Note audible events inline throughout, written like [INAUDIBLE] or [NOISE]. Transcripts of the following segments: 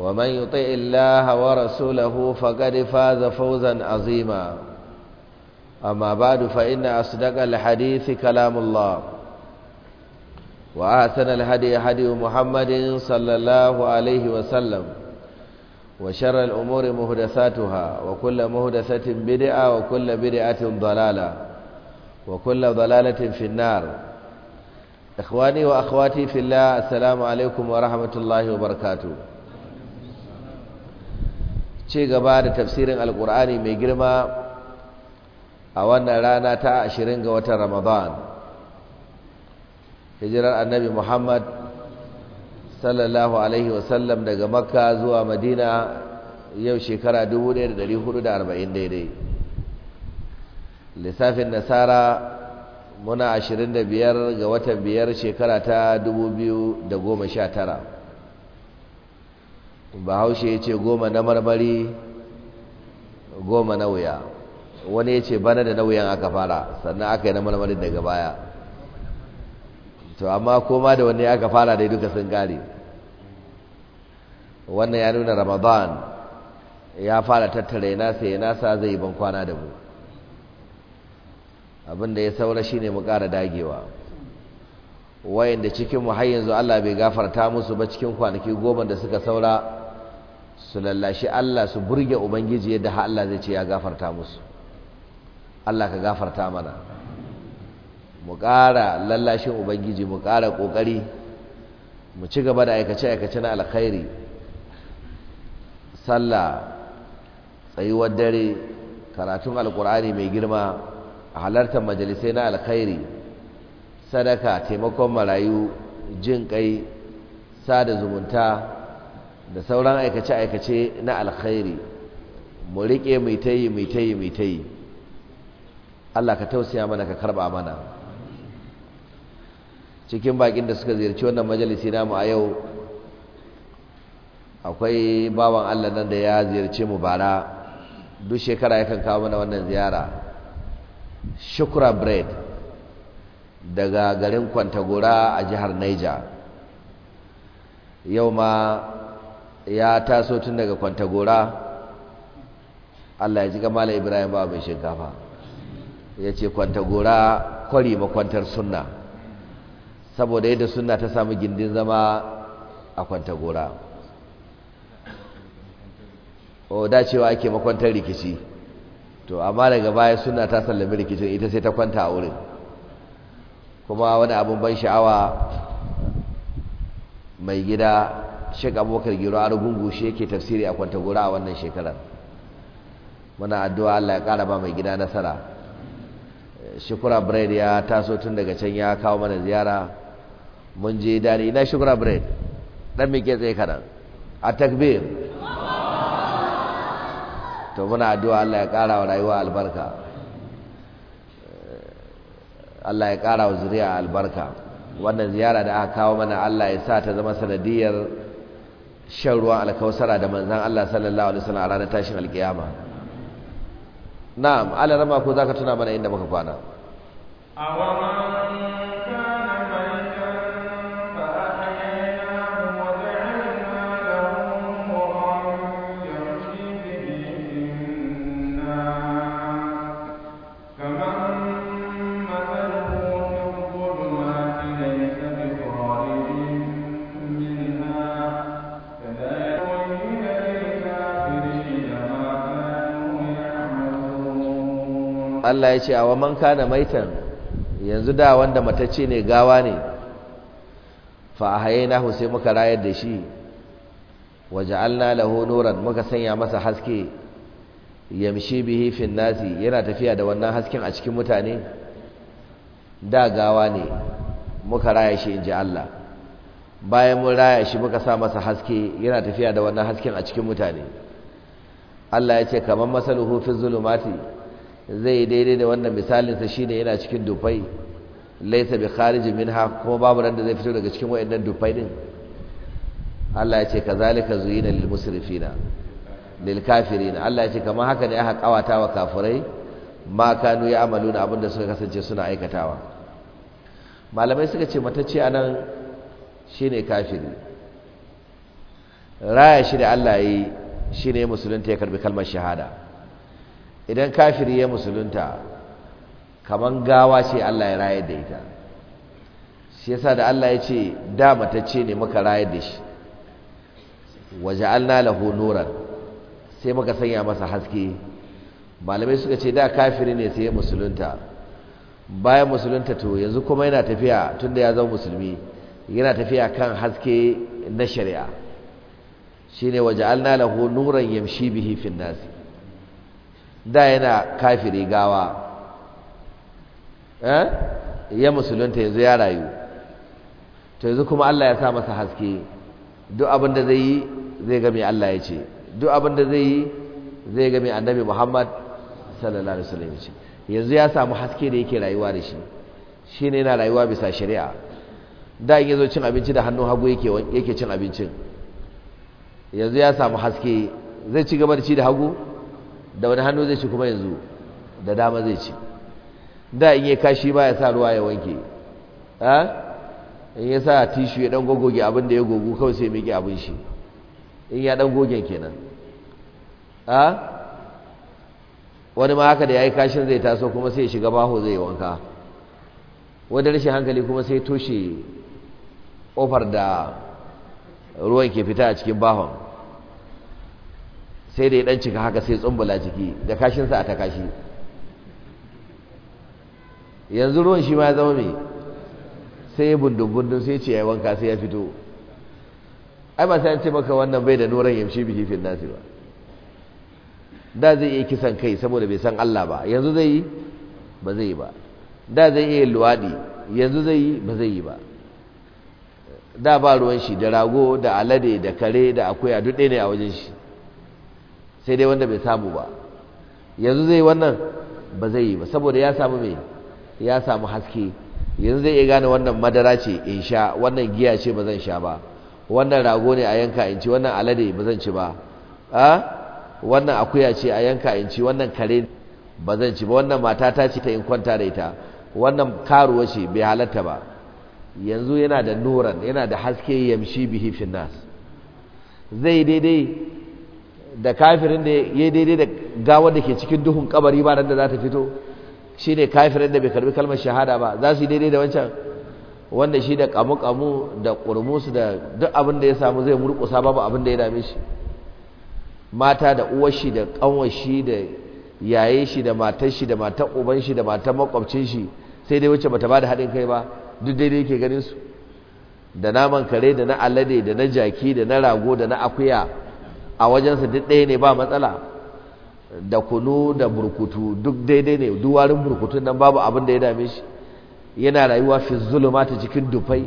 ومن يطع الله ورسوله فقد فاز فوزا عظيما أما بعد فإن أصدق الحديث كلام الله وأحسن الهدي هدي محمد صلى الله عليه وسلم وشر الأمور مهدثاتها وكل مهدثة بدعة وكل بدعة ضلالة وكل ضلالة في النار إخواني وأخواتي في الله السلام عليكم ورحمة الله وبركاته ce gaba da tafsirin alkur'ani mai girma a wannan rana ta ashirin ga watan ramadan hijirar annabi muhammad sallallahu alaihi wasallam daga makka zuwa madina yau shekara 1440 daidai lissafin nasara muna 25 ga watan biyar shekara ta 2019 bahaushe ya ce goma na marmari goma na wuya wani ya ce bana da na wuyan aka fara sannan aka yi na marmarin daga baya to amma koma da wani aka fara dai duka sun gare wannan ya nuna ramadan ya fara tattara ya nasa ya nasa zai ban kwana da mu abinda ya saura shine mu ƙara dagewa wayanda cikin mu har yanzu Allah bai gafarta musu ba cikin kwanaki goma da suka saura su lallashi Allah su burge ubangiji yadda har Allah zai ce ya gafarta musu Allah ka gafarta mana mu ƙara lallashin ubangiji mu ƙara ƙoƙari mu ci gaba da aikace-aikace na alkhairi sallah tsayuwar dare karatun Alƙur'ani mai girma halartar majalisai na alkhairi sadaka taimakon marayu jin ƙai sada zumunta da sauran aikace-aikace na alkhairi mu riƙe mai tayi mai tayi mai tayi Allah ka tausaya mana ka karba mana cikin baƙin da suka ziyarci wannan majalisi namu a yau akwai bawan Allah nan da ya ziyarci mu bara duk shekara yakan kawo mana wannan ziyara Shukura bread daga garin kwantagora a jihar niger yau ma ya taso tun daga kwantagora Allah ya ji kamala Ibrahim ba mai shinkafa ya ce kwantagora kwari makwantar sunna saboda yadda suna ta sami gindin zama a kwantagora o dacewa ake makwantar rikici to amma daga baya suna ta sallami rikicin ita sai ta kwanta a wurin kuma wani abin ban sha'awa mai gida Sheikh Abubakar Giro Arugungu shi yake tafsiri a Kwantagora a wannan shekarar muna addu'a Allah ya ƙara ba mai gida nasara Shukura Bread ya taso tun daga can ya kawo mana ziyara mun je dani ina Shukura Bread dan me ke tsaye kadan a takbir to muna addu'a Allah ya ƙara wa rayuwa albarka Allah ya ƙara wa zuriya albarka wannan ziyara da aka kawo mana Allah ya sa ta zama sanadiyar shan ruwan alkausara da manzan Allah sallallahu alaihi wasallam a ranar tashin alkiyama na'am alarama ko zaka tuna mana inda muka kwana awaman Allah ya ce a waman kana maitan yanzu da wanda matacce ne gawa ne fa ahyaynahu sai muka rayar da shi waja'alna lahu nuran muka sanya masa haske yamshi bihi fin nasi yana tafiya da wannan hasken a cikin mutane da gawa ne muka raya shi inji Allah bayan mun raya shi muka sa masa haske yana tafiya da wannan hasken a cikin mutane Allah ya ce kamar masaluhu fi zulumati zai daidai da wannan misalin sa ne yana cikin dufai laisa bi kharijin minha kuma babu ran da zai fito daga cikin wayannan dufai din Allah ya ce kazalika zuyina lil musrifina lil kafirina Allah ya ce kamar haka ne aka kawata wa kafirai ma kanu ya'maluna abinda suka kasance suna aikatawa malamai suka ce matacce anan shine kafiri raya shi da Allah yi shine musulunta ya karbi kalmar shahada idan kafiri ya musulunta kaman gawa ce Allah ya rayar da ita shi yasa da Allah ya ce da ce ne muka rayar da shi waje waja'alna lahu nuran sai muka sanya masa haske malamai suka ce da kafiri ne sai ya musulunta bayan musulunta to yanzu kuma yana tafiya tunda ya zama musulmi yana tafiya kan haske na shari'a shine waja'alna lahu nuran yamshi bihi fin nasi da yana kafiri gawa eh? ya musulunta yanzu ya rayu to yanzu kuma Allah ya sa masa haske duk abin da zai yi zai ga mai Allah ya ce duk abin da zai yi zai ga mai annabi Muhammad sallallahu alaihi wasallam ya ce yanzu ya samu haske da yake rayuwa da shi shine yana rayuwa bisa shari'a da in zo cin abinci da hannun hagu yake yake cin abincin yanzu ya samu haske zai ci gaba da ci da hagu da wani hannu zai ci kuma yanzu da dama zai ci da in yi kashi ba ya sa ruwa ya wanke in ya sa tishu ya dan gogoge abin da ya gogu kawai sai miƙe abin shi in ya dan gogen kenan wani ma haka da ya yi kashin zai taso kuma sai shiga baho zai wanka wadda rashin hankali kuma sai toshe ƙofar da ruwan ke fita a cikin bahon sai da ya dan cika haka sai tsumbula ciki da kashinsa a ta kashi yanzu ruwan shi ma ya zama mai sai ya bundun-bundun sai ce ya wanka sai ya fito ai ba sai an ce maka wannan bai da nuran yamshi bihi fil nasi ba da zai iya kisan kai saboda bai san Allah ba yanzu zai yi ba zai yi ba da zai iya luwadi yanzu zai yi ba zai yi ba da ba ruwan shi da rago da alade da kare da akuya duk ɗaya ne a wajen shi sai dai wanda bai samu ba yanzu zai wannan ba zai yi ba saboda ya samu mai ya samu haske yanzu zai iya gane wannan madara ce in sha wannan giya ce ba zan sha ba wannan rago ne a yanka in ci wannan alade ba zan ci ba a wannan akuya ce a yanka in ci wannan kare ba zan ci ba wannan mata ta ce ta in kwanta da ita wannan karuwa ce bai halatta ba yanzu yana da nuran yana da haske yamshi bihi nas zai daidai da kafirin da ya daidai da gawa da ke cikin duhun kabari ba nan da za ta fito shi ne kafirin da bai karbi kalmar shahada ba za su yi daidai da wancan wanda shi da kamu-kamu da ƙurmusu da duk abin da ya samu zai murƙusa babu abin da ya dame shi mata da uwar shi da ƙanwar shi da yaye shi da matar shi da matar uban shi da matar makwabcin shi sai dai wacce bata da haɗin kai ba duk daidai ke ganin su da naman kare da na alade da na jaki da na rago da na akuya a wajensa duk ɗaya ne ba matsala da kunu da burkutu duk daidai ne duwarin burkutun nan babu abin da ya dame shi yana rayuwa fi ta cikin dufai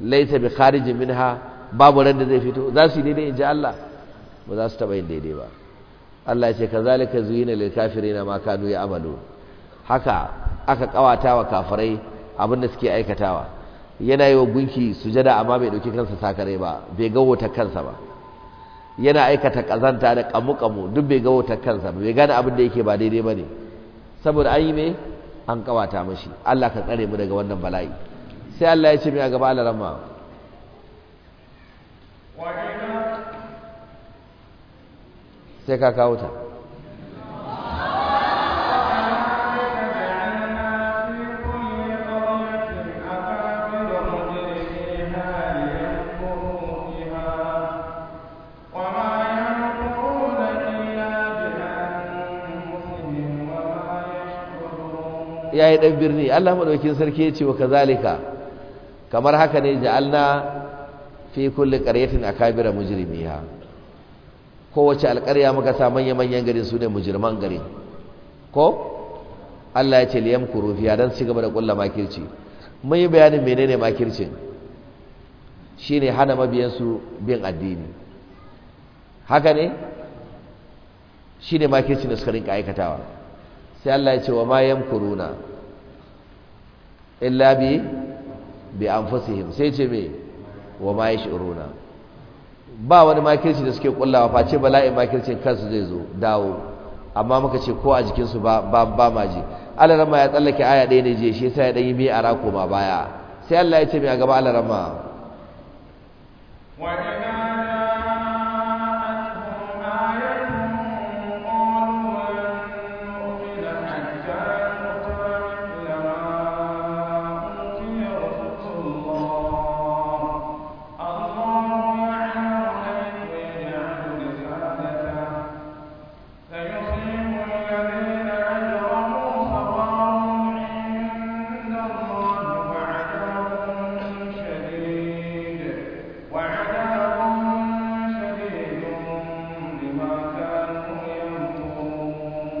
laita bi kharijin minha babu ran da zai fito za su yi daidai in ji Allah ba za su taɓa yin daidai ba Allah ya ce kazalika zuyina lil kafirina ma kanu amalu haka aka kawata wa kafirai abin da suke aikatawa yana yi wa gunki sujada amma bai dauki kansa sakare ba bai gawo ta kansa ba yana aikata ƙazanta da kamu-kamu duk bai ga wutar kansa bai gane abin da yake ba daidai ba ne saboda an yi me an kawata mashi Allah ka tsare mu daga wannan bala'i sai Allah ya ce mai a gaba alarama sai ka kawo ta kai birni Allah maɗaukin sarki ya ce wa kazalika kamar haka ne ja'alna fi kulli qaryatin akabira mujrimiha kowace alƙarya muka sa manyan manyan gari su ne mujirman gari ko Allah ya ce liyam kurufiya dan su gaba da kulla makirci mun yi bayanin menene makircin shine hana mabiyansu bin addini haka ne shine makircin da suka rinka aikatawa sai Allah ya ce wa ma kuruna illa bi bi anfusihim sai ce me wa ma yashuruna ba wani makirci da suke kullawa face bala'in makircin kansu zai zo dawo amma muka ce ko a jikinsu ba ba ba ji Allah rama ya tsallake aya ɗaya ne je shi sai ya ɗanyi mi ara koma baya sai Allah ya ce me a gaba Allah rama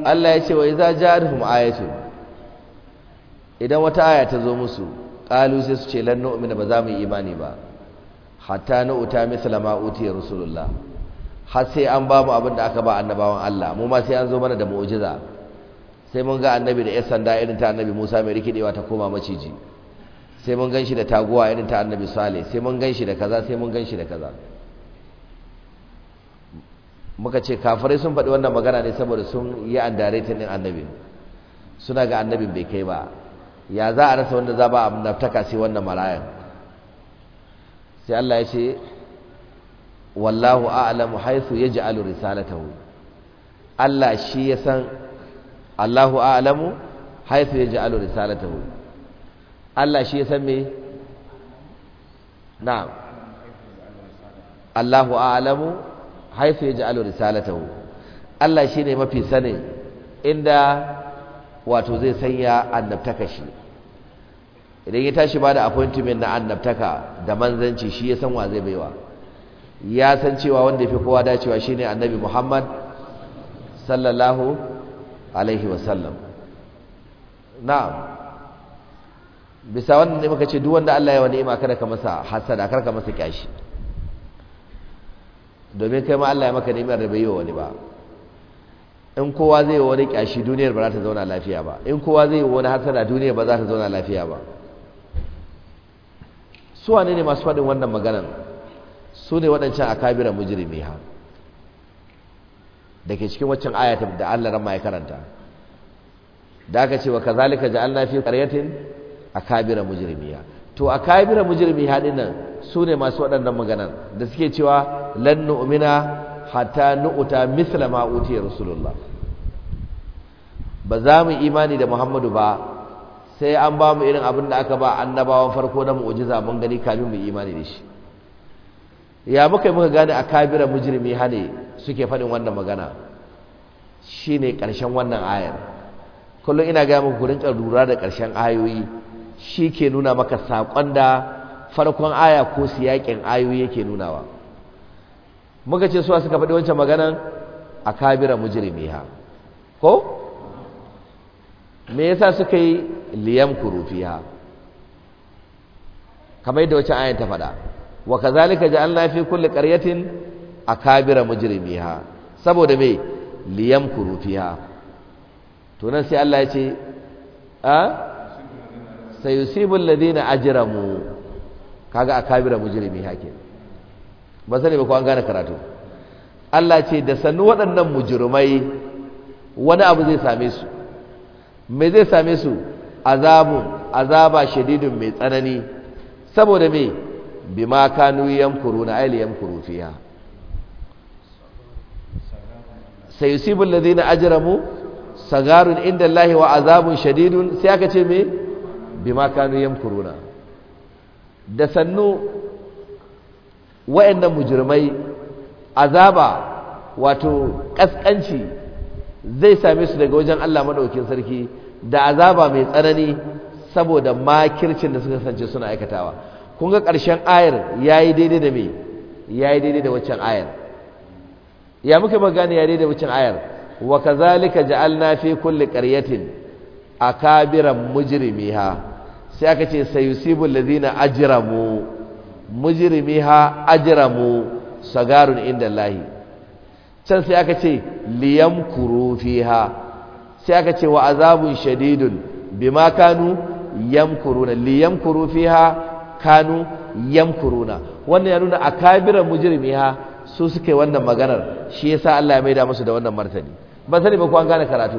Allah ya ce wa iza ja'atuhum ayatu idan wata aya ta zo musu qalu sai su ce lan nu'mina ba za mu yi imani ba hatta nu'ta misla ma utiya rasulullah har sai an ba mu abin da aka ba annabawan Allah mu ma sai an zo mana da mu'jiza sai mun ga annabi da 'yan sanda irin ta annabi Musa mai rikidewa ta koma maciji sai mun ganshi da taguwa irin ta annabi Saleh sai mun ganshi da kaza sai mun ganshi da kaza muka ce kafirai sun faɗi wannan magana ne saboda sun yi an ta ɗin annabi suna ga annabin bai kai ba ya za a rasa wanda za ba a naftaka sai wannan marayan sai Allah ya ce wallahu a'lamu haythu yaj'alu risalatahu Allah shi ya san Allahu a'lamu haythu yaj'alu risalatahu Allah shi ya san me na'am Allahu a'lamu haifu ya ja'alu risalatahu Allah shi ne mafi sanin inda wato zai sanya annabtaka shi idan ya tashi bada appointment na annabtaka da manzanci shi ya san wa zai baiwa ya san cewa wanda ya fi kowa dacewa shi ne annabi Muhammad sallallahu alaihi wasallam na'am bisa wannan ne muka ce duk wanda Allah ya wani ima kada ka masa hasada kada ka masa kyashi domin kai ma Allah ya maka ni'imar da bai yi wa wani ba in kowa zai yi wani kyashi duniyar ba za ta zauna lafiya ba in kowa zai yi wani hasara duniyar ba za ta zauna lafiya ba su wane ne masu faɗin wannan maganan su ne waɗancan akabiran mujrimi ha da ke cikin waccan ayata da Allah ran ya karanta da aka ce wa kazalika ja'alna fi qaryatin akabira mujrimiya to a kabira mujirmi haɗin nan su ne masu waɗannan maganan da suke cewa lan nu'mina hatta nu'uta misla ma utiya rasulullah ba za mu imani da muhammadu ba sai an ba mu irin abin da aka ba annabawan farko na mu'jiza mun gani kamin mu imani da shi ya muka muka gane a kabira mujirmi hane suke faɗin wannan magana shine ƙarshen wannan ayar kullum ina gaya muku gurin lura da ƙarshen ayoyi shi ke nuna maka saƙon da farkon aya ko siyaƙin ayoyi yake nunawa muka ce suwa suka faɗi wancan maganan a kabira mujirimi ha ko me yasa suka yi liyam kurufi ha kamar yadda wancan ayan ta faɗa wa kazalika ja'alna fi kulli a kabira mujirimi ha saboda me liyam kurufi ha to nan sai Allah ya ce a ah? sayusibul ladina ajramu kaga akabira mujrimi hakin ba sani ba ko an gane karatu Allah ce da sannu waɗannan mujrimai wani abu zai same su me zai same su azabu azaba shadidun mai tsanani saboda me bima kanu yamkuruna ayl yamkuru fiha sayusibul ladina ajramu sagarun inda Allah wa azabun shadidun sai aka ce me bima kanu yamkuruna da sannu wayannan mujrimai azaba wato kaskanci zai same su daga wajen Allah madaukakin sarki da azaba mai tsanani saboda makircin da suka sance suna aikatawa kun ga ƙarshen ayar yayi daidai da me yayi daidai da waccan ayar ya muka magana ya daidai da waccan ayar wa kazalika ja'alna fi kulli qaryatin akabiran ha sai aka ce sayusibul ladina ajramu ha ajramu sagarun inda lahi can sai aka ce liyamkuru fiha sai aka ce wa azabun shadidun bima kanu yamkuruna liyamkuru fiha kanu yamkuruna wannan ya nuna akabiran ha su suke wannan maganar shi yasa Allah ya maida musu da wannan martani ba sani ba ku an gane karatu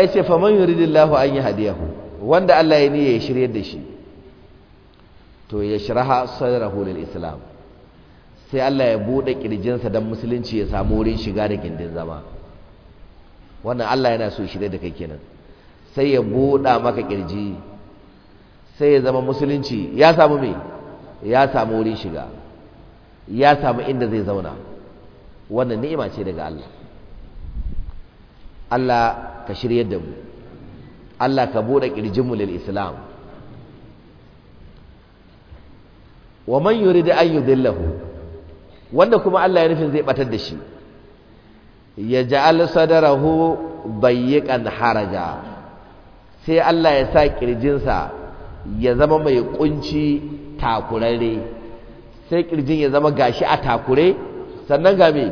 ya ce faman yuridillahu an hadiyahu, wanda Allah ya niyya ya shirye da shi to ya shiraha sadrahu lil islam sai Allah ya bude kirjinsa dan musulunci ya samu wurin shiga da gindin zama wannan Allah yana so shirye da kai kenan sai ya buɗa maka kirji sai ya zama musulunci ya samu me ya samu wurin shiga ya samu inda zai zauna wannan ni'ima ce daga Allah Allah ka shiryar da mu Allah ka bude ƙirjinmu lil islam wa man yurid an yudillahu wanda kuma Allah ya nufin zai batar da shi ya ja'al sadarahu bayyiqan haraja sai Allah ya sa sa ya zama mai kunci takurare sai kirjin ya zama gashi a takure sannan ga me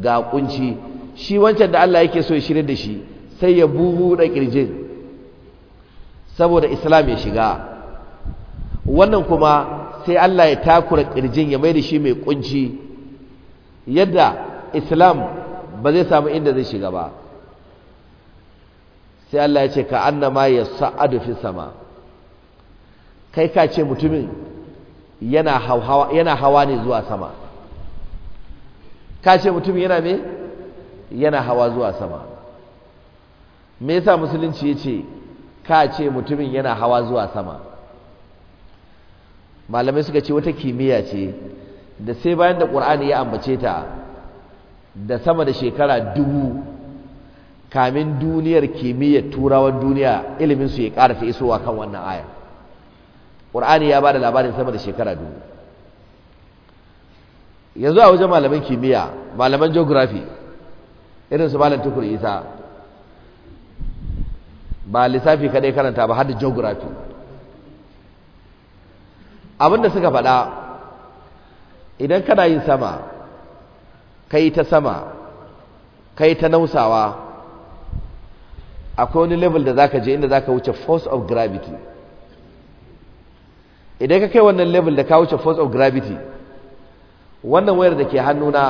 ga kunci shi wancan da Allah yake so ya shirya da shi sai ya da ƙirjin saboda islam ya shiga wannan kuma sai Allah ya takura ƙirjin ya mai da shi mai kunci yadda islam ba zai samu inda zai shiga ba sai Allah ya ce ka annama ya sa'adu fi sama kai ka ce mutumin yana hawa yana hawa ne zuwa sama ka ce mutumin yana me yana hawa zuwa sama me yasa musulunci ya ce ka ce mutumin yana hawa zuwa sama malamai suka ce wata kimiyya ce da sai bayan da ƙur'ani ya ambace ta da sama da shekara dubu kamin duniyar kimiyyar turawan duniya ilimin su ya ƙara ta isowa kan wannan aya ƙur'ani ya ba da labarin sama da shekara dubu yanzu a wajen malaman kimiyya malaman geography irin su malam tukur isa ba lissafi kadai karanta ba har da geography abinda suka faɗa idan kana yin sama kai ta sama kai ta nausawa akwai wani level da zaka je inda zaka wuce force of gravity idan ka kai wannan level da ka wuce force of gravity wannan wayar da ke hannuna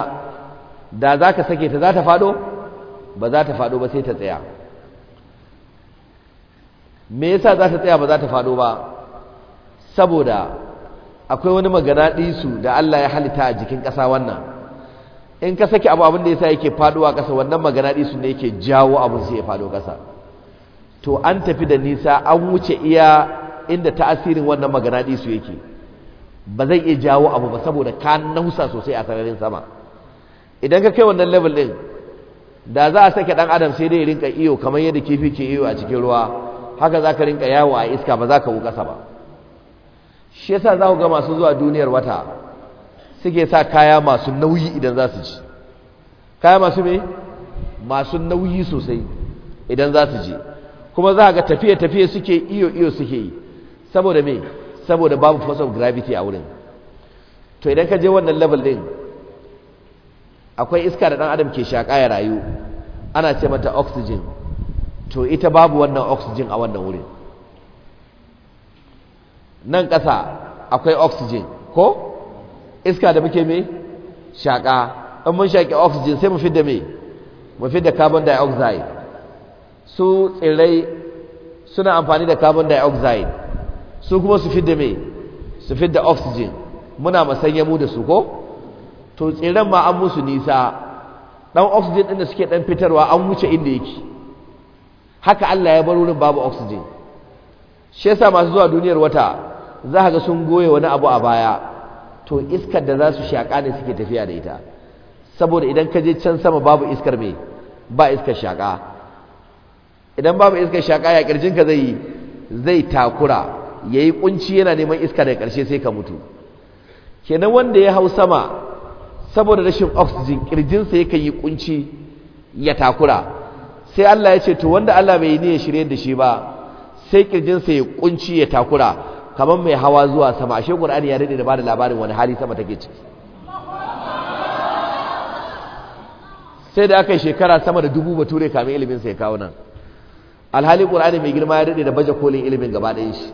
da za sake ta za ta fado ba za ta faɗo ba sai ta tsaya me yasa za ta tsaya ba za ta faɗo ba saboda akwai wani magana su da Allah ya halitta a jikin ƙasa wannan in ka saki abu abin da yasa yake faduwa ƙasa wannan magana ɗisu ne yake jawo abin sai ya faɗo ƙasa to an tafi da nisa an wuce iya inda ta'asirin wannan magana ɗisu yake ba zai iya jawo abu ba saboda ka nausa sosai a sararin sama idan ka kai wannan level ɗin da za a sake ɗan adam sai dai rinka iyo kamar yadda kifi ke iyo a cikin ruwa haka za ka rinka yawo a iska ba za ka wu ƙasa ba shi yasa za ku ga masu zuwa duniyar wata suke sa kaya masu nauyi idan za su ji kaya masu me masu nauyi sosai idan za su je kuma za ga tafiye-tafiye suke iyo-iyo suke yi saboda me saboda babu force of gravity a wurin to idan ka je wannan level din akwai iska da ɗan adam ke shaka ya rayu ana ce mata oxygen to ita babu wannan oxygen a wannan wurin nan ƙasa akwai oxygen ko iska da muke mai shaƙa in mun shaƙi oxygen sai mu fidda mai mu fidda carbon dioxide su tsirrai suna amfani da carbon dioxide su kuma su fidda mai su fidda oxygen muna masanya mu da su ko to tsirran ma an musu nisa dan oxygen ɗin da suke ɗan fitarwa an wuce inda yake haka Allah ya bar wurin babu oxygen shi yasa masu zuwa duniyar wata za ka ga sun goye wani abu a baya to iskar da za su shaƙa ne suke tafiya da ita saboda idan ka je can sama babu iskar me ba iskar shaƙa idan babu iskar shaƙa ya ƙirjinka zai zai takura ya yi ƙunci yana neman iska daga ƙarshe sai ka mutu kenan wanda ya hau sama saboda rashin oxygen ƙirjinsa yakan yi ƙunci ya takura sai Allah ya ce to wanda Allah bai niyyar shirye da shi ba sai kirjin sa ya kunci ya takura kamar mai hawa zuwa sama ashe Qur'ani ya rade da bada labarin wani hali sama take ciki sai da aka yi shekara sama da dubu bature kamin ilimin ya kawo nan alhali Qur'ani mai girma ya rade da baje kolin ilimin gaba ɗayan shi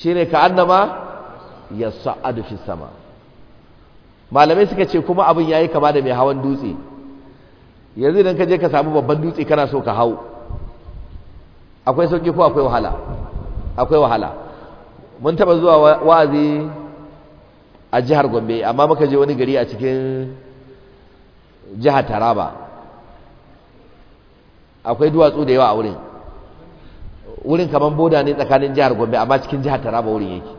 shine ka annama yas'adu fis sama malamai suka ce kuma abin yayi kama da mai hawan dutse yanzu idan ka je ka samu babban dutse kana so ka hau akwai sauki ko akwai wahala akwai wahala mun taba zuwa wa'azi a jihar Gombe amma muka je wani gari a cikin jihar Taraba akwai duwatsu da yawa a wurin wurin kaman boda ne tsakanin jihar Gombe amma cikin jihar Taraba wurin yake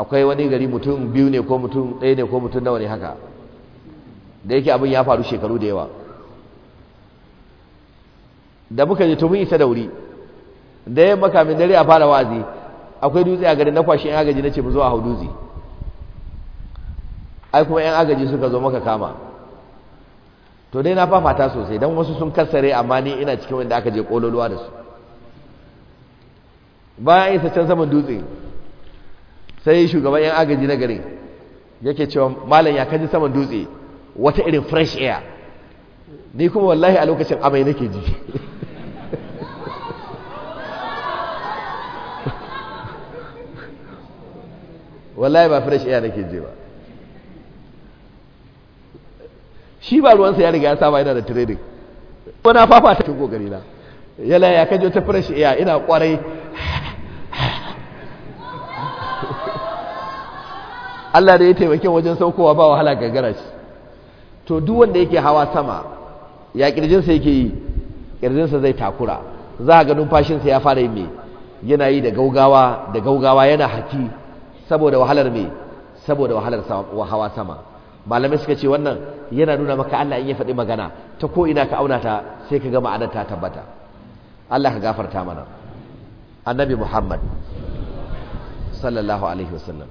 akwai wani gari mutum biyu ne ko mutum ɗaya ne ko mutum nawa ne haka da yake abin ya faru shekaru da yawa da muka yi tumi mun isa da wuri da yamma makamin dare a fara wazi akwai dutse a garin na kwashe yan agaji na ce mu zo a hau dutse ai kuma yan agaji suka zo maka kama to dai na fafata sosai don wasu sun kassare amma ni ina cikin wanda aka je kololuwa da su bayan isa can saman dutse sai shugaban yan agaji na garin yake cewa malam ya kaji saman dutse wata irin fresh air ni kuma wallahi a lokacin amai nake ji wallahi ba fresh air nake ji ba shi ba ruwansa ya riga ya saba yana da trading wana fafa ta cikin kokari na yala ya kajo ta fresh air ina kwarai Allah da ya taimake wajen saukowa ba wahala gagara shi to duk wanda yake hawa sama ya kirjinsa yake yi kirjinsa zai takura za a ga numfashinsa ya fara yi mai yana yi da gaugawa da gaugawa yana haki saboda wahalar mai saboda wahalar hawa sama malamai suka ce wannan yana nuna maka Allah in ya faɗi magana ta ko ina ka auna ta sai ka gama ta tabbata Allah ka gafarta mana annabi Muhammad sallallahu alaihi wasallam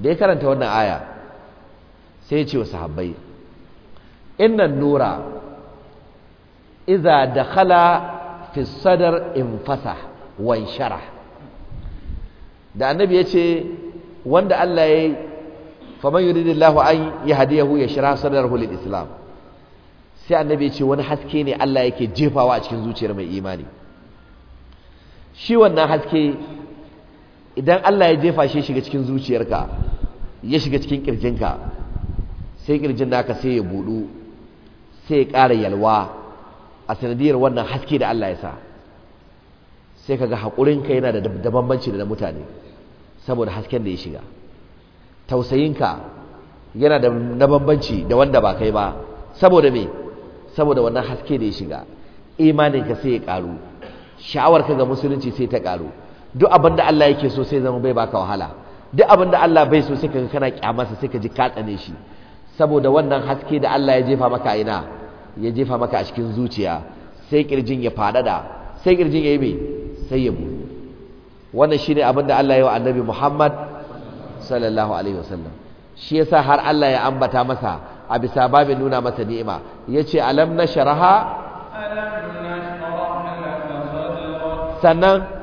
da ya karanta wannan aya sai ya ce wa sahabbai innan nura iza da khala fi sadar infasa wan shara da annabi ya ce wanda Allah ya yi faman yuridillahu an yahdiyahu shira sadar lil islam sai annabi ya ce wani haske ne Allah yake jefawa a cikin zuciyar mai imani shi wannan haske idan Allah ya jefa shi shiga cikin zuciyarka ya shiga cikin kirjinka sai kirjin naka sai ya budu sai ya ƙara yalwa a sanadiyar wannan haske da Allah ya sa sai kaga haƙurinka yana da dabambanci bambanci da mutane saboda hasken da ya shiga tausayinka yana da na bambanci da wanda ba kai ba saboda me saboda wannan haske da ya shiga imaninka sai ya ƙaru sha'awarka ga musulunci sai ta ƙaru duk abin Allah yake so sai zama bai baka wahala duk abin da Allah bai so sai ga kana kyamarsa sai ka ji ka tsane shi saboda wannan haske da Allah ya jefa maka a ina ya jefa maka a cikin zuciya sai kirjin ya fadada sai kirjin ya yi mai sai ya buɗu wannan shine abin da Allah ya yi wa annabi Muhammad sallallahu alaihi wasallam shi yasa har Allah ya ambata masa a bisa babin nuna masa ni'ima yace alam sharaha, sannan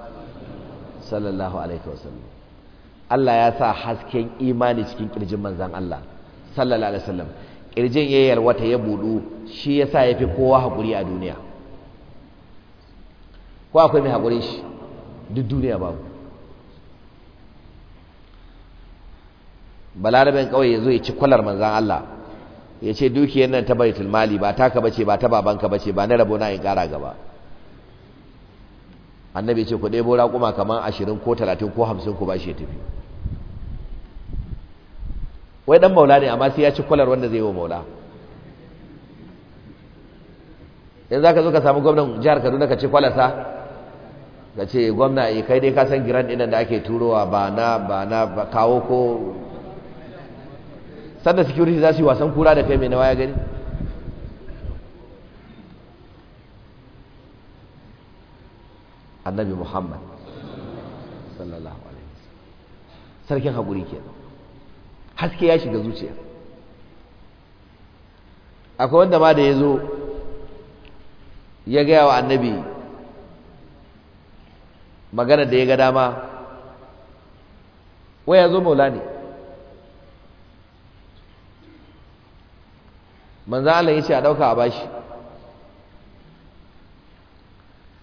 sallallahu alaihi wasallam Allah ya sa hasken imani cikin kirjin manzan Allah sallallahu alaihi wasallam kirjin yayi yalwata ya budu shi yasa yafi kowa hakuri a duniya ko akwai mai hakuri shi duk duniya babu balarabin kawai ya zo ya ci kwalar manzan Allah ya ce dukiyar nan ta baitul mali ba taka bace ba ta babanka bace ba na rabo na in kara gaba annabi ce ku ɗebo raƙuma kamar ashirin ko talatin ko hamsin ku ba shi ya tafi wai ɗan maula ne amma sai ya ci kwalar wanda zai yi wa maula yanzu aka zo ka samu gwamnan jihar kaduna ka ci kwalarsa ka ce gwamna a eh, kai dai ka san giran ɗinan da ake turowa ba na ba na kawo ko sanda security za su yi wasan kura da kai mai nawa ya gani annabi muhammad sallallahu alaihi wasallam sarkin haƙuri ke haske ya shiga zuciya akwai wanda ma da ya zo ya gaya wa annabi magana da ya ga dama waya zo maula ne manzo Allah ya ce a ɗauka a bashi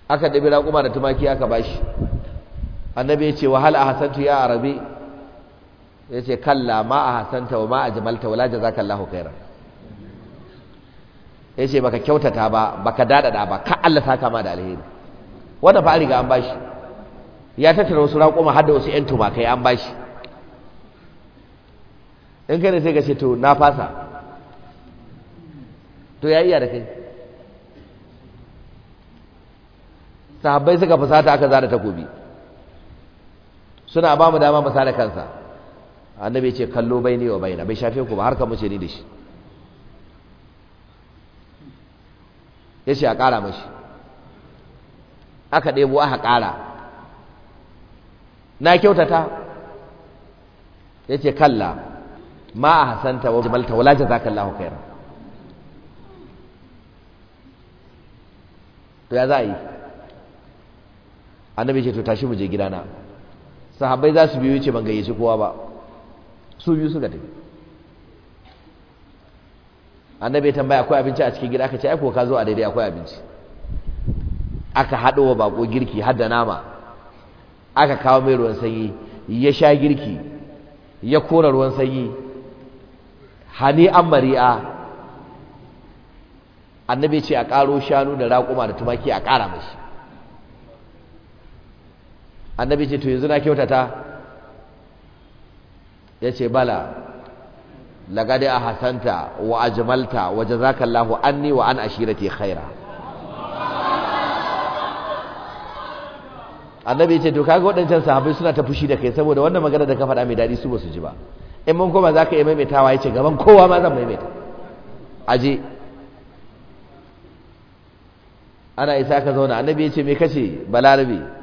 aka ɗabi raƙuma da tumaki aka bashi annabi ya ce hal a hasantu ya arabi ya ce kalla ma a hasanta wa ma a jimalta wala jazakallahu khairan ya ce baka kyautata ba baka daɗaɗa ba ka Allah saka ma da alheri wannan fa an riga an bashi ya tattara wasu raƙuma har da wasu ƴan tumakai an bashi in kai ne sai ka ce to na fasa to ya iya da kai sahabbai suka fusata aka zara takobi suna ba mu dama mu sare kansa annabi ce kallo bai ne wa baina bai shafe ku ba har ka ce ni da shi ya ce a ƙara mashi aka ɗebo aka ƙara na kyautata ya ce kalla ma a hasanta wa jimalta wala jazakallahu khairan to ya za a yi annabi ce to tashi mu je gidana sahabbai za su biyo ce ban gayyaci kowa ba su biyu suka tafi annabi tambaya akwai abinci a cikin gida aka ce ai ko ka zo a daidai akwai abinci aka haɗo wa bako girki har da nama aka kawo mai ruwan sanyi ya sha girki ya kora ruwan sanyi hani an mari'a annabi ce a ƙaro shanu da raƙuma da tumaki a ƙara mashi annabi ce to yanzu na kyautata ya ce bala lagade a hasanta wa ajmalta wa jazakallahu anni wa an ashirati khaira annabi ce to kaga waɗancan sahabai suna ta fushi da kai saboda wannan magana da ka faɗa mai daɗi su ba su ji ba in mun koma za ka iya maimaitawa ya ce gaban kowa ma zan maimaita aje ana isa ka zauna annabi ya ce me kace balarabi.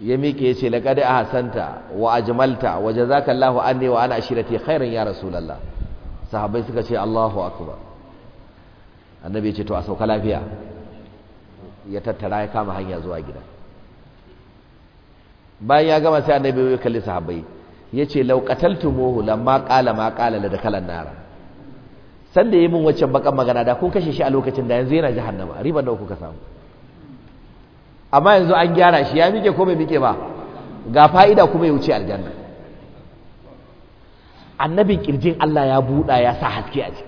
ya miƙe ya ce a hasanta wa ajmalta wa jazakallahu anni wa ana ashirati khairan ya rasulullah sahabbai suka ce Allahu akbar annabi ya ce to a sauka lafiya ya tattara ya kama hanya zuwa gida bayan ya gama sai annabi ya kalli sahabbai ya ce lauƙataltumuhu lamma ƙala ma ƙala da dakalan nara sanda ya yi min waccan bakan magana da kun kashe shi a lokacin da yanzu yana jahannama riban da kuka samu amma yanzu an gyara shi ya mike ko bai mike ba ga fa'ida kuma ya wuce aljanna annabin ƙirjin Allah ya buɗa ya sa haske a ciki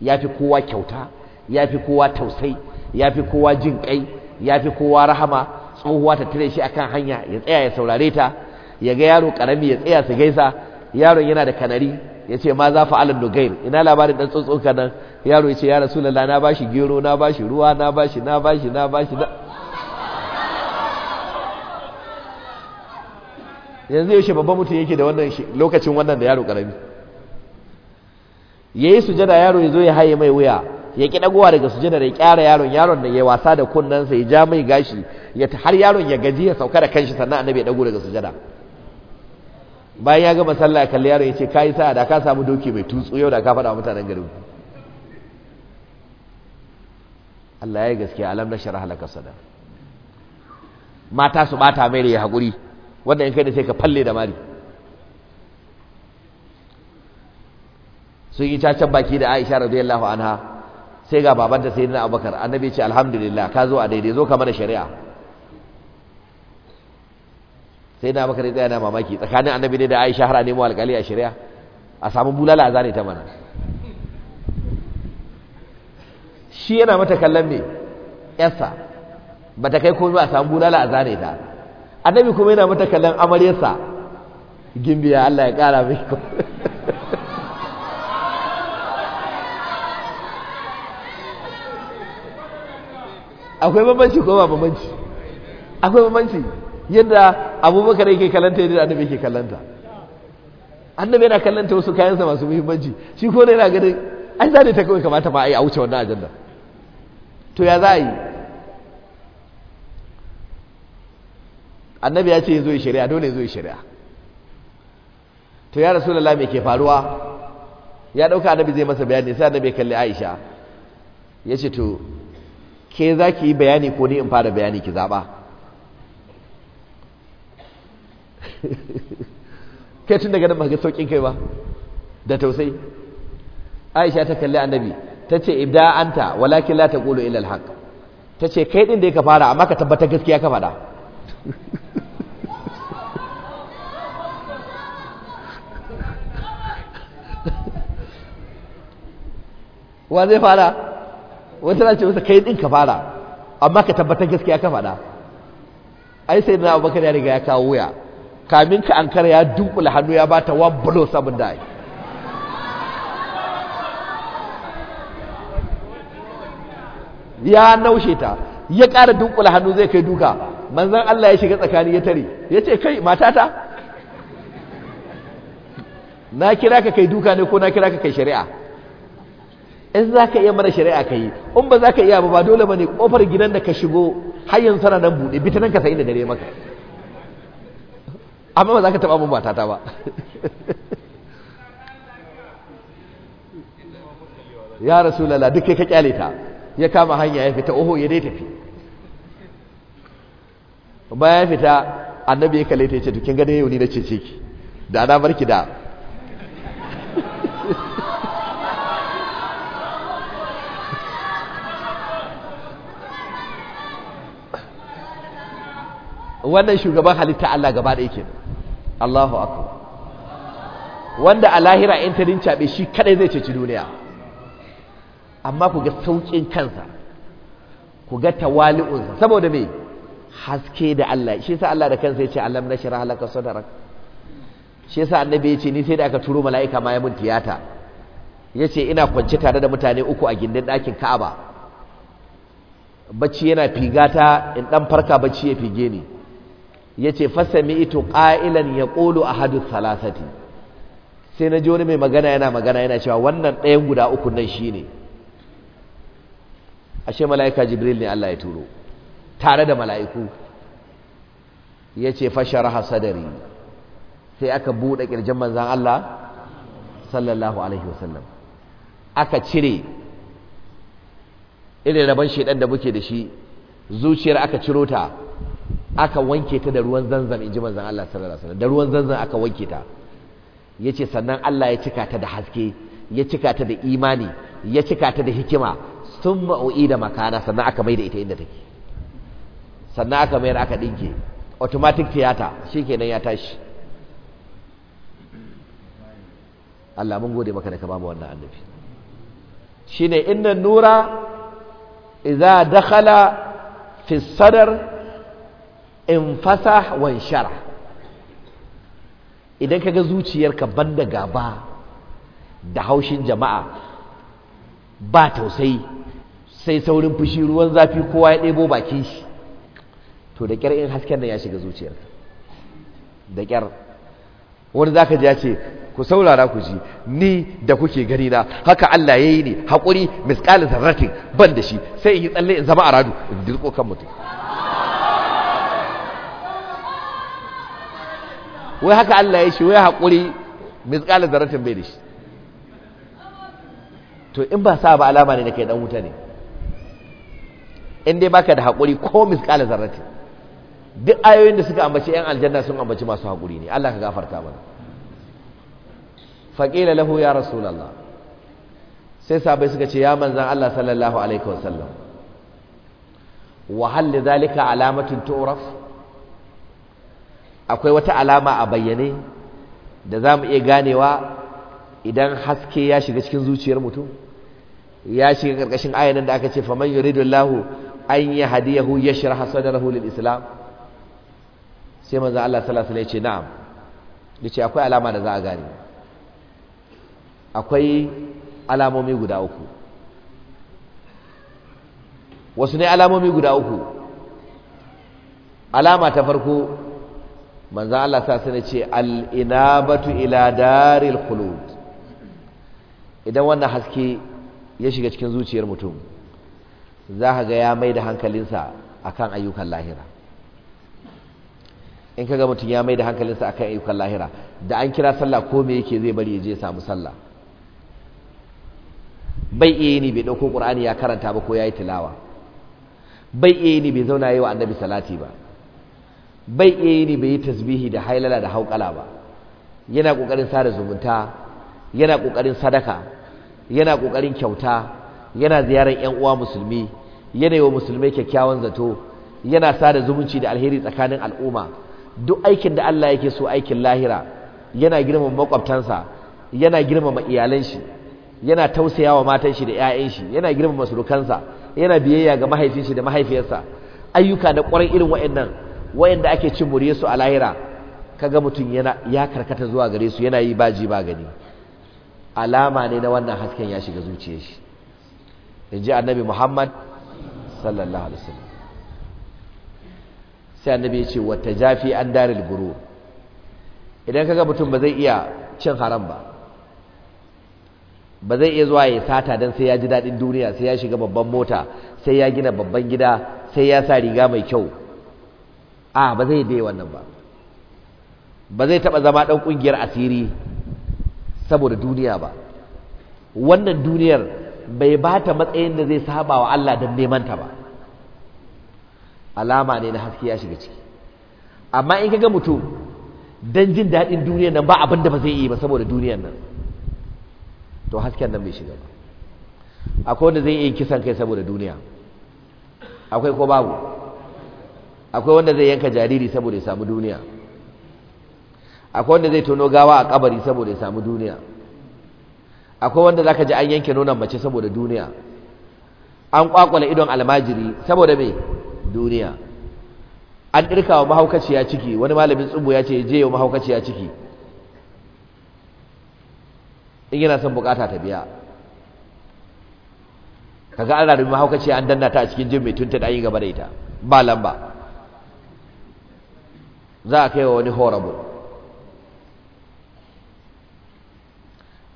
ya fi kowa kyauta ya fi kowa tausai ya fi kowa jin kai ya fi kowa rahama tsohuwa ta tare shi akan hanya ya tsaya ya saurare ta ya ga yaro karami ya tsaya su gaisa yaron yana da kanari ya ce ma za alin nugair ina labarin ɗan ka nan yaro ya ce ya rasu lalla na ba shi gero na ba shi ruwa na ba shi na ba shi na ba shi na yanzu yaushe babban mutum yake da wannan lokacin wannan da yaro ƙarami ya yi sujada yaro ya zo ya haye mai wuya ya ki ɗagowa daga sujadar ya kyara yaron yaron da ya wasa da kunnensa ya ja mai gashi har yaron ya gaji ya sauka da kanshi sannan annabi ya ɗago daga sujada bayan ya gama sallah ya kalli yaro ya ce ka yi sa'a da ka samu doki mai tutsu yau da ka faɗa mutanen garin Allah ya yi gaskiya alam na shara halaka sada mata su bata mai da ya haƙuri wanda in kai da sai ka falle da mari sun yi cacen baki da aisha yallahu anha sai ga babanta sai na abubakar annabi ce alhamdulillah ka zo a daidai zo ka mana shari'a sai na bakar tsaya na mamaki tsakanin annabi ne da aisha har a nemo alkali a shirya a samu bulala a zane ta mana shi yana mata kallon me yasa ba ta kai komai a samu bulala a zane ta annabi kuma yana mata kallon amaryarsa gimbiya Allah ya kara mai akwai bambanci ko ba bambanci akwai bambanci yadda abubakar yake kalanta yadda annabi yake kalanta annabi yana kalanta wasu kayansa masu muhimmanci shi ko yana ganin ai za ne ta kawai kamata ma a yi a wuce wannan ajandar to ya za a yi annabi ya ce ya zo yi shari'a dole ya zo yi shari'a to ya rasu lalami ke faruwa ya ɗauka annabi zai masa bayani sai annabi kalli aisha ya ce to ke za ki yi bayani ko ni in fara bayani ki zaɓa kai tun daga nan ba saukin kai ba da tausayi aisha ta kalli annabi ta ce Ibda ta, walakin la taqulu illa al ta ce kai din da ka fara amma ka tabbatar gaskiya ka faɗa [LAUGHS] wa zai fara wata na ce masa kai din ka fara amma ka tabbatar gaskiya ka faɗa ai sai na abubakar ya riga ya kawo wuya kamin ka ankara ya dunkula hannu ya bata one blow saboda ai ya naushe ta ya ƙara dunkula hannu zai kai duka manzan Allah ya shiga tsakani ya tare ya ce kai matata na kira ka kai duka ne ko na kira ka kai shari'a in za ka iya mana shari'a ka yi in ba za ka iya ba dole ba ne ƙofar gidan da ka shigo har yanzu nan buɗe bita nan ka sayi da dare maka amma ba za ka taɓa mun matata ba ya rasu lala duk kai ka kyale ta ya kama hanya ya fita oho ya dai tafi bayan fita annabi ya kalle ta ya ce dukin gane yau ni na cece ki da ana barki da wannan shugaban halitta Allah gaba ɗaya kenan Allahu akbar wanda a lahira in ta rincaɓe shi kaɗai zai ceci duniya amma ku ga saukin kansa ku ga tawali'unsa saboda me haske da Allah shi yasa Allah da kansa ya ce na nashrah halaka sadrak shi yasa annabi ya ce ni sai da aka turo mala'ika ma ya mun tiyata ce ina kwance tare da mutane uku a gindin ɗakin Ka'aba bacci yana figata in dan farka bacci ya fige ni yace fasami'tu qa'ilan yaqulu ahadu thalathati sai na ji wani mai magana yana magana yana cewa wannan ɗayan guda uku nan shine ashe mala'ika jibril ne Allah ya turo tare da mala'iku yace fasharaha sadari sai aka buɗe ƙirjin manzan Allah sallallahu alaihi wasallam aka cire irin rabon shedan da muke da shi zuciyar aka ciro ta aka wanke ta da ruwan zanzan in ji manzan Allah sallallahu alaihi wasallam da ruwan zanzan aka wanke ta yace sannan Allah ya cika ta da haske ya cika ta da imani ya cika ta da hikima sun ma'o'i da makana sannan aka mai da ita inda take sannan aka mayar aka ɗinke automatic theater shi ya tashi Allah mun gode maka da ka bamu wannan annabi shine inna nura idza dakhala fi sadar in fasa wan shara idan kaga zuciyarka da gaba da haushin jama'a ba tausayi sai saurin fushi ruwan zafi kowa ya ɗebo bakin shi to da ƙyar in hasken da ya shiga zuciyarka da ƙyar wani za ka ji ya ce ku saurara ku ji ni da kuke gani na haka Allah ya yi ne haƙuri misƙalin zarratin ban da shi sai in yi tsalle in zama a radu in dirko kan mutum wai haka Allah ya shi wai haƙuri mizƙalar zaratin bai da shi to in ba sa ba alama ne da kai dan wuta ne in dai baka da haƙuri ko mizƙalar zaratin duk ayoyin da suka ambaci yan aljanna sun ambaci masu haƙuri ne Allah ka gafarta mana faƙila lahu ya rasulallah sai sabai suka ce ya manzan Allah sallallahu alaihi wasallam wa hal zalika alamatun tu'raf akwai wata alama a bayyane da za mu iya ganewa idan haske ya shiga cikin zuciyar mutum ya shiga ƙarƙashin ayanin da aka ce faman yuridullahu an yi hadiyahu ya shirha da lil islam sai maza Allah sallallahu ya ce na'am ce akwai alama da za a gane akwai alamomi guda uku wasu ne alamomi guda uku alama ta farko manzo Allah sa sai ce al inabatu ila daril idan wannan haske ya shiga cikin zuciyar mutum za ka ga ya mai da hankalinsa akan ayyukan lahira in kaga mutum ya mai da hankalinsa akan ayyukan lahira da an kira sallah ko me yake zai bari ya je samu sallah bai iya ni bai dauko qur'ani ya karanta ba ko ya yi tilawa bai iya ni bai zauna yi wa annabi salati ba bai iya yi ne bai yi tasbihi da hailala da haukala ba yana ƙoƙarin sada zumunta yana ƙoƙarin sadaka yana ƙoƙarin kyauta yana ziyarar yan uwa musulmi yana yi wa musulmai kyakkyawan zato yana sada zumunci da alheri tsakanin al'umma duk aikin da Allah yake so aikin lahira yana girmama makwabtansa yana girmama iyalan shi yana tausayawa matan shi da 'ya'yan shi yana girmama surukansa yana biyayya ga mahaifin shi da mahaifiyarsa ayyuka da ƙwarar irin waɗannan wayanda ake cin murye su a lahira kaga mutum yana ya karkata zuwa gare su yana yi baji ba gani alama ne na wannan hasken ya shiga zuciyar shi inji annabi Muhammad sallallahu alaihi wasallam sai annabi ya ce wata jafi an daril guru idan kaga mutum ba zai iya cin haram ba ba zai iya zuwa ya sata don sai ya ji daɗin duniya sai ya shiga babban mota sai ya gina babban gida sai ya sa riga mai kyau a ba zai dai wannan ba ba zai taɓa zama ɗan ƙungiyar asiri saboda duniya ba wannan duniyar bai ba ta matsayin da zai saba wa Allah don neman ta ba alama ne na haske ya shiga ciki amma in kaga mutum don jin daɗin duniyar nan ba abin da ba zai yi ba saboda duniyar nan to hasken nan bai shiga ba akwai wanda zai iya kisan kai saboda duniya akwai ko babu akwai wanda zai yanka jariri saboda ya samu duniya akwai wanda zai tono gawa a kabari saboda ya samu duniya akwai wanda zaka ji an yanke nonon mace saboda duniya an kwakwala idon almajiri saboda me duniya an dirka wa mahaukaciya ciki wani malamin tsubu ya ce je wa mahaukaciya ciki in yana son bukata ta biya kaga an rarrabi mahaukaciya an danna ta a cikin jin mai tunta da yi gaba da ita ba lamba za a kai wa wani horrible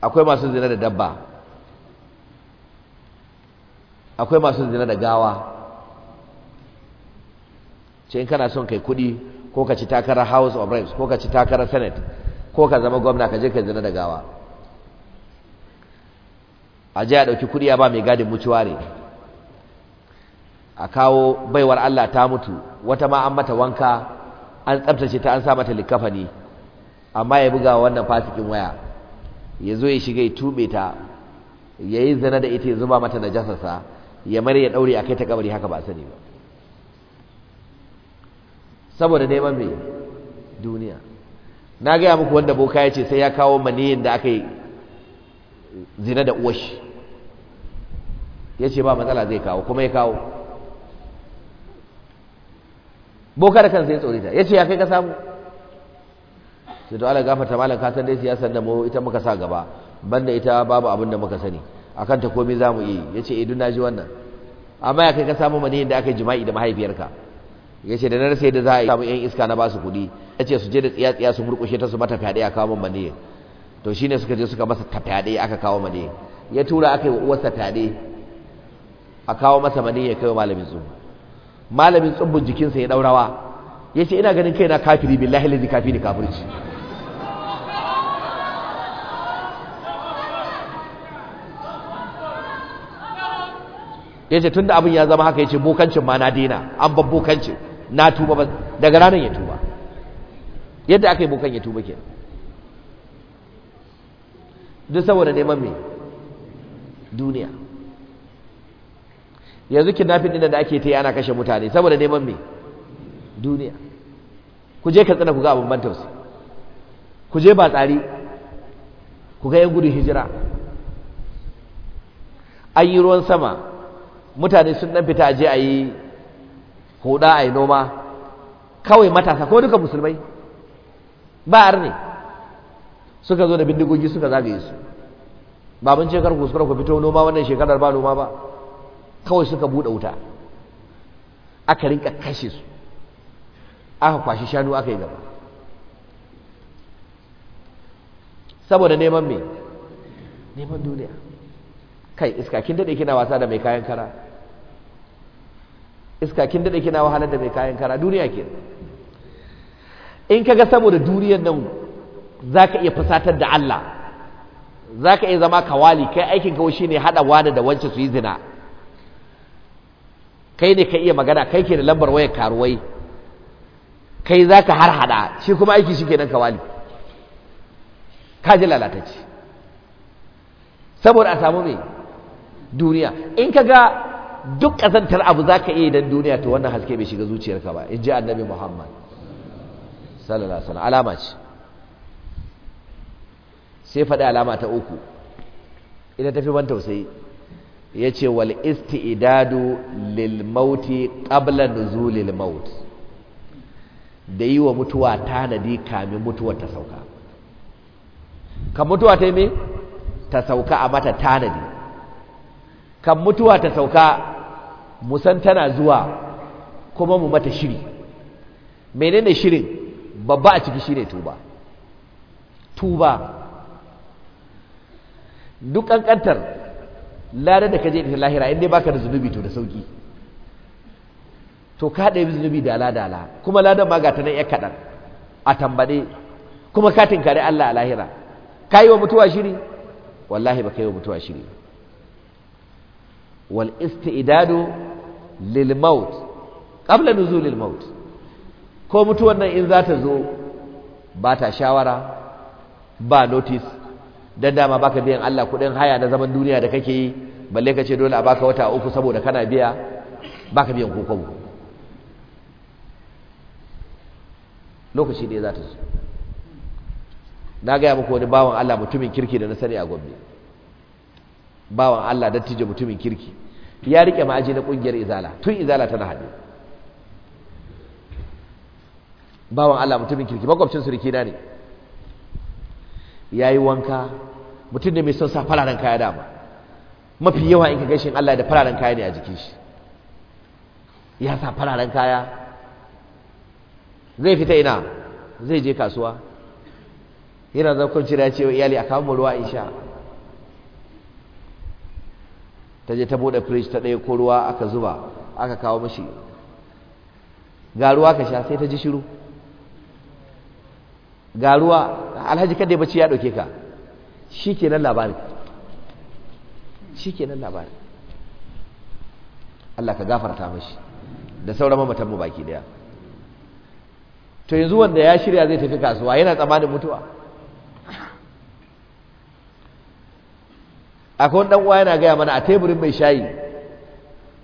akwai masu zina da dabba akwai masu zina da gawa ce in kana son kai kudi ko ka ci takarar house of reps ko ka ci takarar senate ko ka zama gwamna ka je ka zina da gawa a je a ɗauki kudi a ba mai gadin mutuware a kawo baiwar allah ta mutu wata ma an mata wanka an tsabtace ta an sa mata likafani amma ya buga wannan fasikin waya ya zo ya shiga ya tube ta ya yi zana da ita ya zuba mata jasasa ya mara ya daure a kai ta kabari haka ba sani ba saboda neman mai duniya na gaya muku wanda boka ya ce sai ya kawo maniyin da aka yi zina da uwashi ya ce ba matsala zai kawo kuma ya kawo boka da kansa ya tsore ta yace ya kai ka samu sai to Allah gafarta malam ka san dai siyasar da mu ita muka sa gaba banda ita babu abin da muka sani akan ta komai zamu yi yace eh duna ji wannan amma ya kai ka samu mani da aka jima'i da mahaifiyarka yace da na sai yadda za a yi samu yan iska na basu kuɗi yace su je da tsiya tsiya su murƙushe ta su mata fyaɗe a kawo min mani to shine suka je suka masa fyaɗe aka kawo mani ya tura aka yi wa uwarsa fyaɗe a kawo masa mani ya kai wa malamin zuwa malamin tsubbun jikinsa ya daurawa ya ce ina ganin kaina kafiri billahi lazi kafiri kafirci ya ce tun da abin ya zama haka ya ce bukancin ma na daina an ban bukancin na tuba ba daga ranar ya tuba yadda aka yi bukan ya tuba kenan duk saboda neman mai duniya yanzu kidnapping din da ake ta yi ana kashe mutane saboda neman me duniya ku je ka tsina ku ga abin ban ku je ba tsari ku ga yan gudun hijira an yi ruwan sama mutane sun dan fita je a yi huda a yi noma kawai matasa ko duka musulmai ba ne suka zo da bindigogi suka zagaye su babin ce ku ku fito noma wannan shekarar ba noma ba kawai suka buɗe wuta aka rinka kashe su aka kwashi shanu aka yi gaba saboda neman me neman duniya kai iska kin daɗe kina wasa da mai kayan kara iska kin daɗe kina wahalar da mai kayan kara duniya ke in ka ga saboda duniyar nan za ka iya fusatar da Allah za ka iya zama kawali kai aikin kawai shine haɗa wada da wancan su yi zina kai ne ka iya magana kai ke da lambar wayar karuwai kai za ka har hada shi kuma aiki shi ke nan kawali ka ji lalatacci saboda a samu mai duniya in ka ga duk ƙazantar abu za ka iya don duniya to wannan haske bai shiga zuciyarka ba in ji annabi muhammad sallallahu alaihi alama ce sai faɗi alama ta uku idan tafi ban tausayi yace wal isti'dadu lil mauti qabla nuzulil maut da yi wa mutuwa tanadi kamin mutuwar ta sauka kan mutuwa ta yi ta sauka a mata tanadi kan mutuwa ta sauka musan tana zuwa kuma mu mata shiri menene shirin babba a ciki shine tuba tuba duk kankantar lada da ka je da lahira inda baka da zunubi to da sauki to ka ɗaya zunubi da ala da ala kuma ladan ma ga ta nan ya kaɗan a tambaɗe kuma ka kare Allah a lahira ka yi wa mutuwa shiri wallahi ba ka yi wa mutuwa shiri wal isti'dadu lil maut qabla nuzulil maut ko mutuwan nan in za ta zo ba ta shawara ba notice dan dama baka biyan Allah kudin haya na zaman duniya da kake yi balle ka ce dole a baka wata uku saboda kana biya baka biyan ko lokaci ne za ta zo na gaya muku wani bawan Allah mutumin kirki da na sani a gombe bawan Allah dattijo mutumin kirki ya rike ma'aji na kungiyar izala tun izala tana haɗe bawan Allah mutumin kirki makwabcin surki ne ya yi wanka mutum da mai son sa fararen kaya dama mafi yawa in ka gaishin Allah da fararen kaya ne a jikin shi ya sa fararen kaya zai fita ina zai je kasuwa yana zakon cira ce wa iyali a kawo ruwa in sha ta je ta bude fridge ta ɗaya ko ruwa aka zuba aka kawo mashi ga ruwa ka sha sai ta ji shiru ga ruwa alhaji kada ya bacci ya ɗauke ka shi kenan labarin shi kenan labari Allah ka gafarta mashi da sauran mamatan baki daya to yanzu wanda ya shirya zai tafi kasuwa yana tsamanin mutuwa akwai ɗan uwa yana gaya mana a teburin mai shayi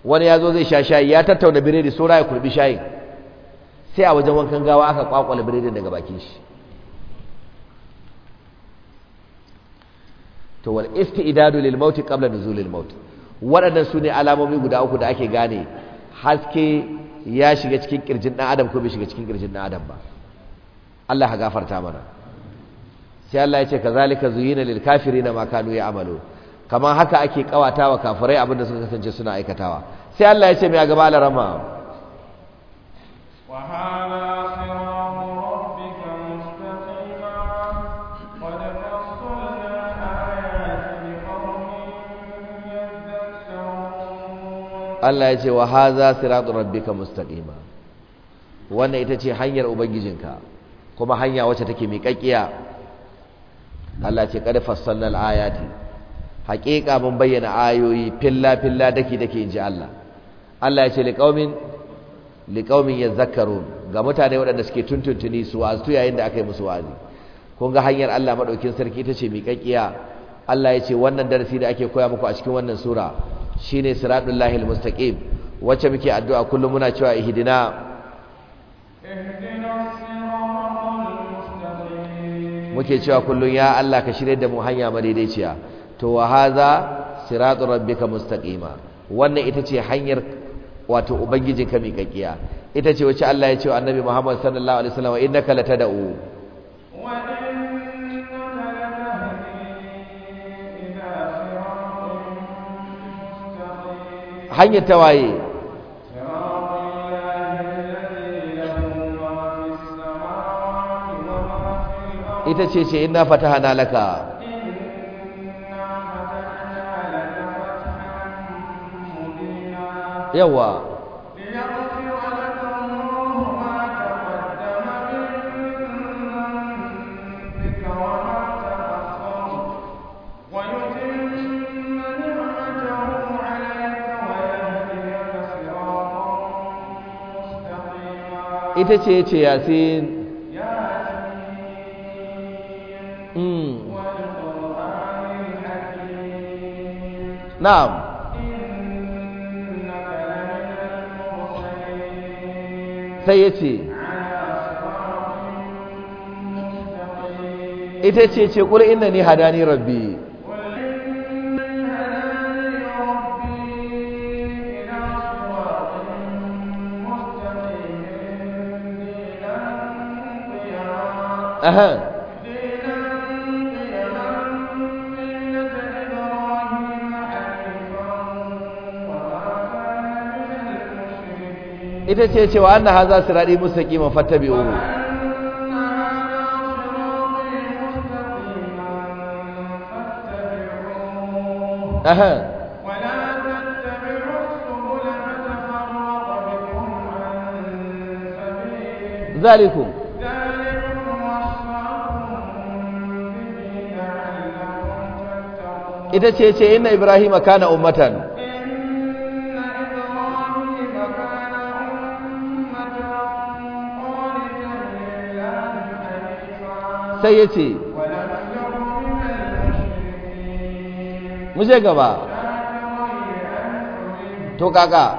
wani ya zo zai sha shayi ya tattauna biredi sora ya kurbi shayin sai a wajen wankan gawa aka kwakwala biredin daga bakin shi to wal istidadu lil maut qabla nuzulil maut waɗannan su ne alamomi guda uku da ake gane haske ya shiga cikin kirjin ɗan adam ko bai shiga cikin kirjin ɗan adam ba Allah ya gafarta mana sai Allah ya ce kazalika zuyina lil kafirina ma kanu ya'malu kamar haka ake kawatawa kafirai abinda suka kasance suna aikatawa sai Allah ya ce mai a gaba alarama wa Allah ya ce wa haza siratu rabbika mustaqima wannan ita ce hanyar ubangijinka kuma hanya wacce take miƙaƙiya Allah ce qad fassalna al-ayati haƙiƙa mun bayyana ayoyi filla filla dake dake inji Allah Allah ya ce liqaumin liqaumin yadhakkarun ga mutane waɗanda suke tuntuntuni su wa'azu yayin da aka yi musu wazi kun ga hanyar Allah madaukin sarki ita ce miƙaƙiya Allah ya ce wannan darasi da ake koya muku a cikin wannan sura ne siratul lahil mustaqim wacce muke addu'a kullum muna cewa hidina muke cewa kullum ya Allah ka shirye da mu hanya madaidaiciya to wa hadha siratul rabbika mustaqima wannan ita ce hanyar wato ubangijin mai kakkiya ita ce wacce Allah ya ce wa annabi Muhammad sallallahu alaihi wasallam innaka latad'u wa hanyar tawaye ita ce ce ina fataha na laka yawa ita ce ce ya hmm. na'am sai ya ce ita ce ce kuri inda ni hadani rabbi أهان إذا تيت وأن هذا سرائي مسكيم فاتبعوه أها ولا تتبعوا السبل فتفرق بكم عن سبيله ذلكم ita ce ce inna ibrahima kana ummatan sai ya ce muje gaba to kaka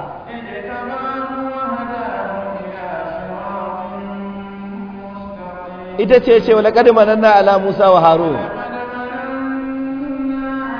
ita ce ce "Wani kadima nan na ala musa wa harun